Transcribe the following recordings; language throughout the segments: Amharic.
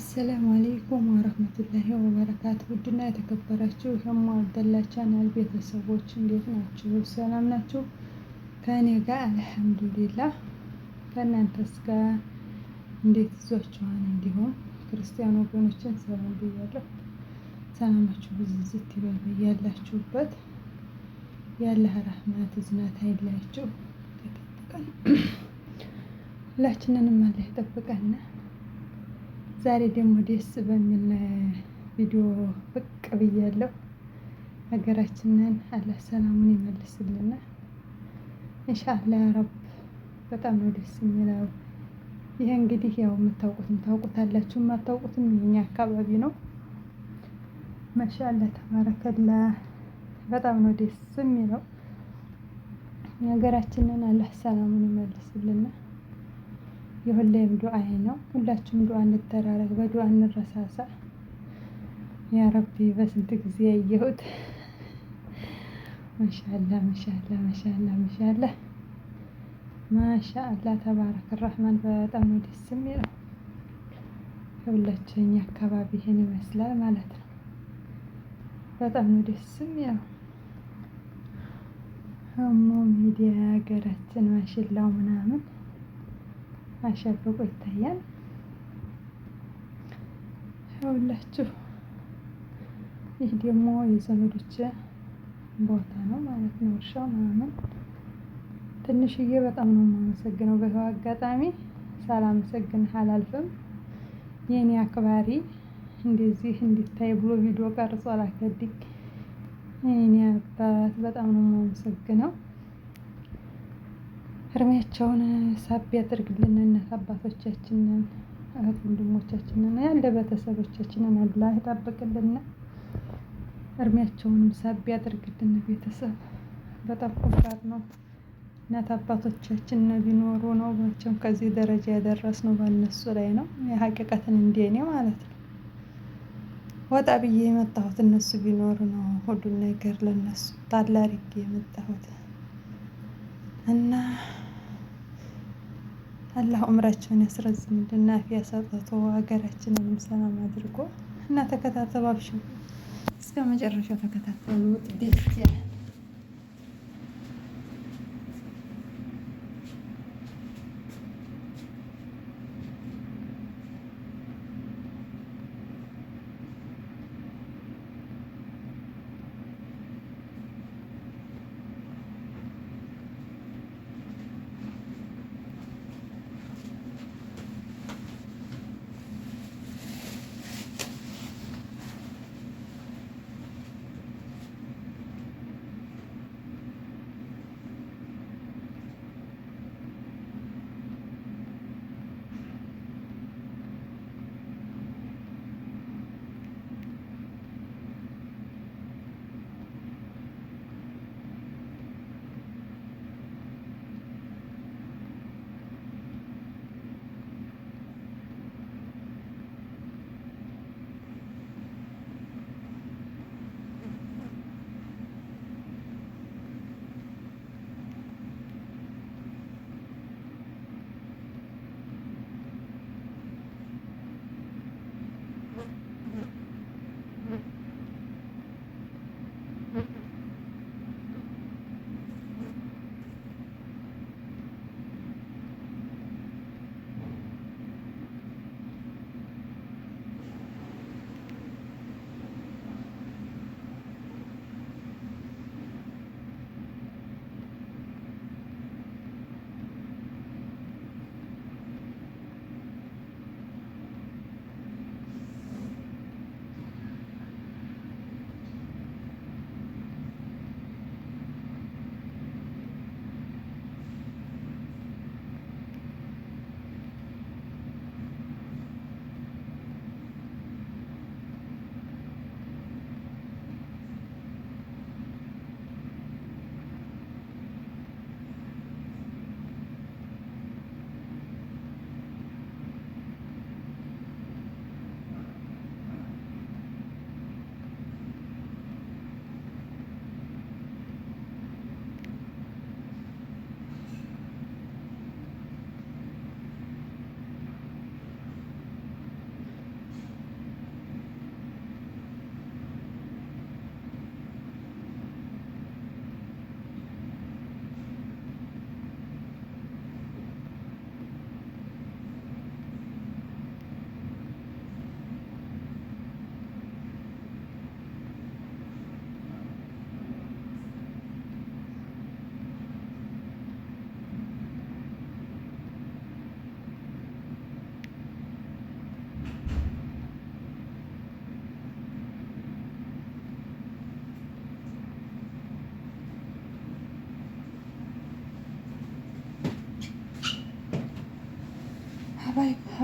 አሰላሙ አሌይኩም ወረህመቱላሂ ወበረካቱ። ውድና የተከበራችሁ የሞ አብደላ ቻናል ቤተሰቦች እንዴት ናችሁ? ሰላም ናችሁ? ከእኔ ጋር አልሐምዱሊላህ። ከእናንተስ ጋር እንዴት ይዟችኋል? እንዲሁም ክርስቲያን ወገኖችን ሰላም ብያለሁ። ሰላማችሁ ብዝዝት ይበል ያላችሁበት። የአላህ ረህመት እዝነት አይለያችሁ። ሁላችንንም አላህ ይጠብቀናል። ዛሬ ደግሞ ደስ በሚል ቪዲዮ ብቅ ብያለሁ። ሀገራችንን አላህ ሰላሙን ይመልስልና እንሻላ ረብ። በጣም ነው ደስ የሚለው። ይህ እንግዲህ ያው የምታውቁትም ታውቁታላችሁ፣ የማታውቁትም የኛ አካባቢ ነው። ማሻአላ ተባረከላ። በጣም ነው ደስ የሚለው። ሀገራችንን አላህ ሰላሙን ይመልስልና የሁሌም ዱዓዬ ነው። ሁላችሁም ዱዓ እንተራረግ፣ በዱዓ እንረሳሳ። ያ ረቢ በስንት ጊዜ ያየሁት። ማሻአላ ማሻአላ ማሻአላ ማሻአላ ማሻአላ ተባረክ ራህማን። በጣም ነው ደስ የሚለው። ሁላችን አካባቢ ይሄን ይመስላል ማለት ነው። በጣም ነው ደስ የሚለው። ሚዲያ ሀገራችን ማሽላው ምናምን አሸብርቆ ይታያል። ይኸውላችሁ ይህ ደግሞ የዘመዶች ቦታ ነው ማለት ነው። እርሻው ምናምን ትንሽዬ በጣም ነው የማመሰግነው። በሰው አጋጣሚ ሳላመሰግን አላልፍም። የእኔ አክባሪ እንደዚህ እንዲታይ ብሎ ቪዲዮ ቀርጾ ላከድግ የእኔ አባት በጣም ነው የማመሰግነው። እድሜያቸውን ሳቢ ያደርግልን እናት አባቶቻችንን እህት ወንድሞቻችንን ያለ ቤተሰቦቻችንን አላህ ይጠብቅልን። እድሜያቸውንም ሳቢ ያደርግልን። ቤተሰብ በጣም ከባድ ነው። እናት አባቶቻችን ቢኖሩ ነው መቼም ከዚህ ደረጃ የደረስነው በእነሱ ላይ ነው። የሀቂቀትን እንደኔ ማለት ነው ወጣ ብዬ የመጣሁት እነሱ ቢኖሩ ነው። ሁሉን ነገር ለነሱ ታላሪጌ የመጣሁት እና አላህ ዑምራቸውን ያስረዝምልን፣ አፊያ ሰጥቶ ሀገራችንንም ሰላም አድርጎ እና ተከታተሉ። አብሽሩ፣ እስከ መጨረሻው ተከታተሉ።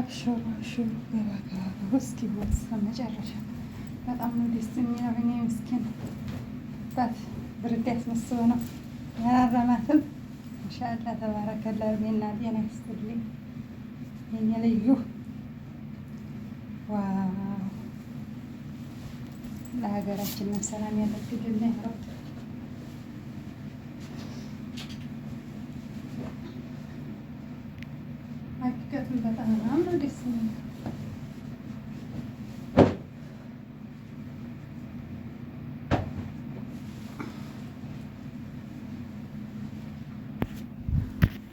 አሸራሽሩ በበጋሩ እስኪ መጨረሻ በጣም ነው ደስ የሚለው። እኔ ምስኪን ባት ብርድ ያስመስሎ ነው ያራራናትም ማሻላ ተባረከላ ቤና ጤና ይስጥልኝ ልዩ ዋው ሰላም ያደርግልን ሀቂቀቱን በጣም Neredesin?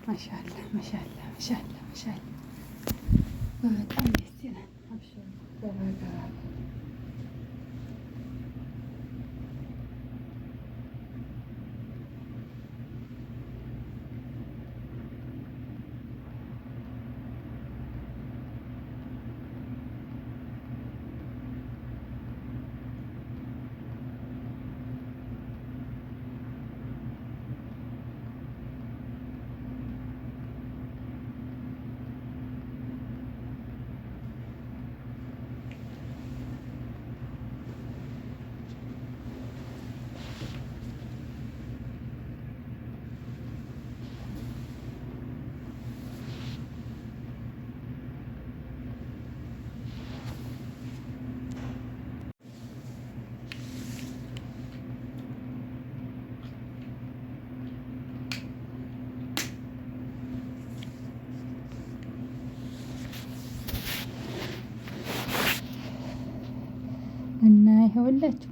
Maşallah, maşallah, maşallah, maşallah. Evet, anne.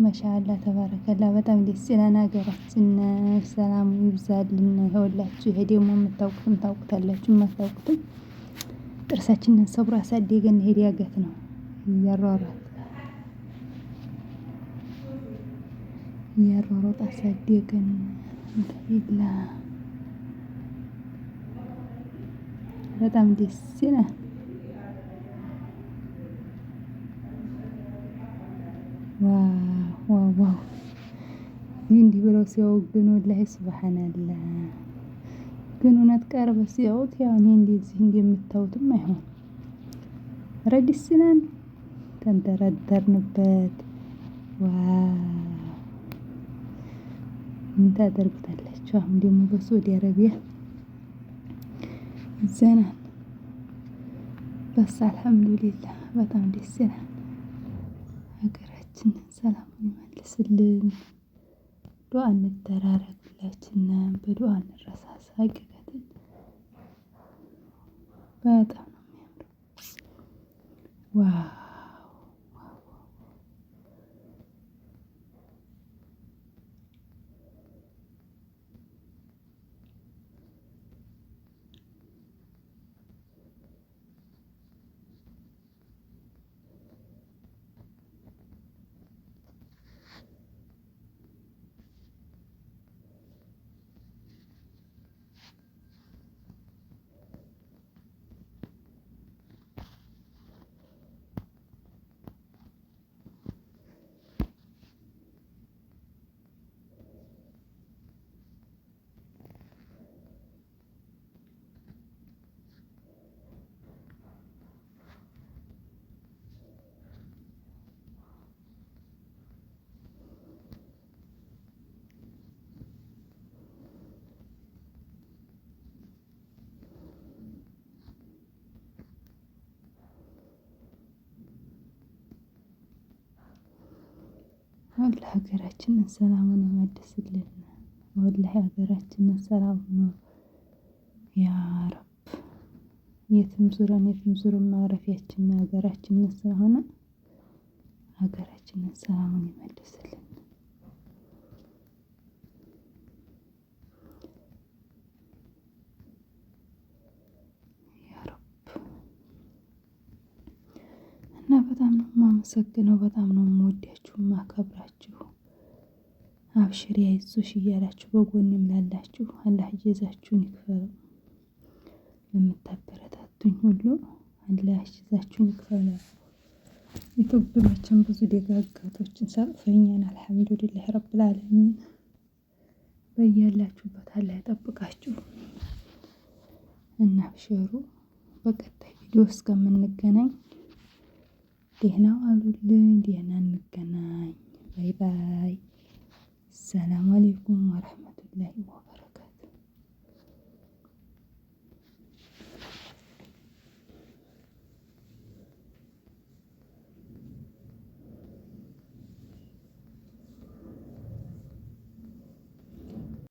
ማሻአላ ተባረከላ በጣም ደስ ይላል። ሀገራችን ሰላም ይብዛልን። ይኸውላችሁ ይሄ ደግሞ የምታውቁትም ታውቁታላችሁ፣ የማታውቁትም ጥርሳችንን ሰብሮ አሳደገን። ይሄ ያገት ነው እያሯሯጥ እያሯሯጥ አሳደገን ላ በጣም ደስ ይላል። ዋው እንዲህ ብለው ሲያወግኑ ላይ ስብሓንላ ግን እውነት ቀርበ ሲያዩት ያው እኔ እንደዚህ አይሆን ረዲስናን ነን ተንደረደርንበት። ዋው ምን ታደርጉታላችሁ? አሁን ደግሞ አረቢያ ዘና በስ አልሐምዱሊላህ በጣም ደስ ይላል። ሀገራችን ሰላም ይመልስልን። ዱአ እንደራረግ ሁላችንም በዱአ እንረሳሳ። ሀቂቀትን በጣም ነው የሚያምረው። ዋው ሀገራችንን ሰላሙን ይመልስልን ወላሂ ሀገራችንን ሰላሙን ያ ረብ የትም ዙረን የትም ዙረን ማረፊያችን ሀገራችንን ስለሆነ ሀገራችንን ሰላሙን ይመልስልን። ያ ረብ እና በጣም ነው የማመሰግነው። በጣም ነው የምወዳችሁ የማከብራችሁ። አብሽሪ አይዞሽ እያላችሁ በጎንም ላላችሁ አላህ ጀዛችሁን ይክፈለው። ለምታበረታቱኝ ሁሉ አላህ ጀዛችሁን ይክፈለው። ኢትዮጵያ መቼም ብዙ ደጋጋቶችን ሰጥቶኛል። አልሐምዱሊላህ ረብል ዓለሚን። በያላችሁበት አላህ ይጠብቃችሁ እና አብሽሩ። በቀጣይ ቪዲዮ እስከምንገናኝ دي هنا وقالولي دي هنا نتجناي باي باي السلام عليكم ورحمة الله وبركاته